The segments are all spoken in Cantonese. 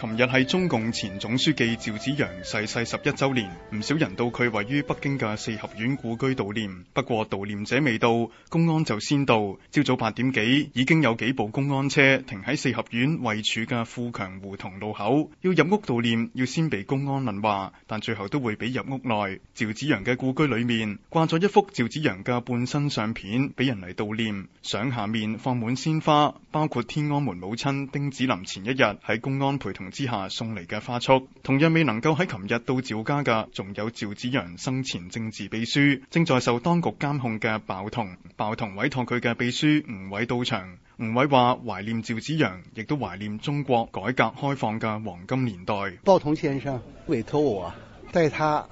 琴日係中共前總書記趙紫陽逝世十一周年，唔少人到佢位於北京嘅四合院故居悼念。不過悼念者，未到，公安就先到。朝早八點幾，已經有幾部公安車停喺四合院位處嘅富強胡同路口。要入屋悼念，要先被公安問話，但最後都會俾入屋內。趙紫陽嘅故居裏面掛咗一幅趙紫陽嘅半身相片，俾人嚟悼念。相下面放滿鮮花，包括天安門母親丁子霖前一日喺公安陪同之下送嚟嘅花束，同樣未能夠喺琴日到趙家嘅，仲有趙紫陽生前政治秘書，正在受當局監控嘅鮑彤。鮑彤委託佢嘅秘書吳偉到場。吳偉話：懷念趙紫陽，亦都懷念中國改革開放嘅黃金年代。鮑彤先生委託我代他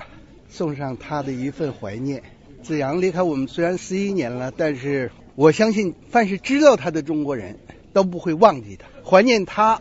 送上他的一份懷念。紫陽離開我們雖然十一年了，但是我相信，凡是知道他的中國人，都不會忘記他，懷念他。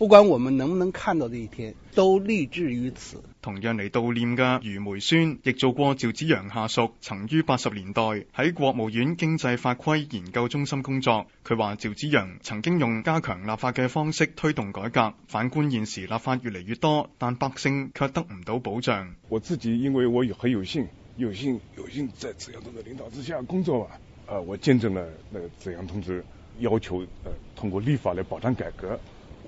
不管我們能不能看到這一天，都立志於此。同樣嚟悼念嘅余梅蓀亦做過趙紫陽下屬，曾於八十年代喺國務院經濟法規研究中心工作。佢話趙紫陽曾經用加強立法嘅方式推動改革，反觀現時立法越嚟越多，但百姓卻得唔到保障。我自己因為我很有幸，有幸有幸在紫陽同志領導之下工作啊，啊，我見證了那個紫陽同志要求呃通過立法來保障改革。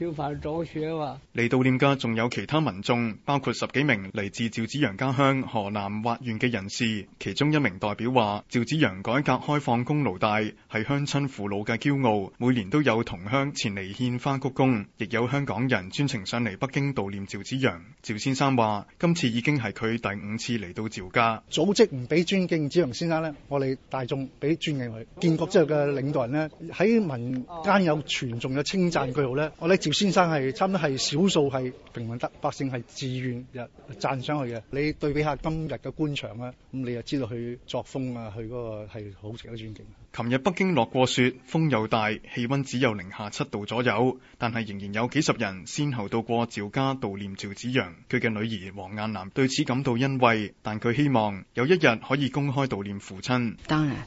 燒飯煮住啊嘛！嚟悼念嘅仲有其他民眾，包括十幾名嚟自趙紫陽家鄉河南滑縣嘅人士。其中一名代表話：趙紫陽改革開放功勞大，係鄉親父老嘅驕傲。每年都有同鄉前嚟獻花鞠躬，亦有香港人專程上嚟北京悼念趙紫陽。趙先生話：今次已經係佢第五次嚟到趙家。組織唔俾尊敬紫陽先生呢，我哋大眾俾尊敬佢。建國之後嘅領導人呢，喺民間有傳頌嘅稱讚句號呢，我咧自先生係差唔多係少數係平民得百姓係自願讚賞佢嘅。你對比下今日嘅官場啊，咁你又知道佢作風啊，佢嗰個係好值得尊敬。琴日北京落過雪，風又大，氣温只有零下七度左右，但係仍然有幾十人先後到過趙家悼念趙紫陽。佢嘅女兒黃雁南對此感到欣慰，但佢希望有一日可以公開悼念父親。當然。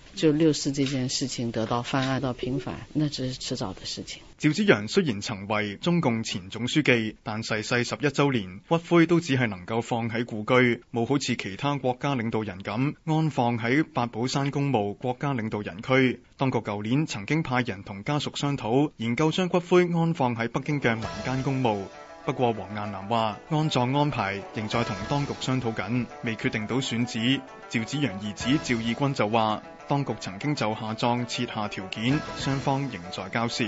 就六四這件事情得到翻案到平反，那只是遲早的事情。趙紫陽雖然曾為中共前總書記，但逝世十一週年骨灰都只係能夠放喺故居，冇好似其他國家領導人咁安放喺八寶山公墓國家領導人區。當局舊年曾經派人同家屬商討，研究將骨灰安放喺北京嘅民間公墓。不過黃雁南話安葬安排仍在同當局商討緊，未決定到選址。趙紫陽兒子趙義軍就話，當局曾經就下葬設下條件，雙方仍在交涉。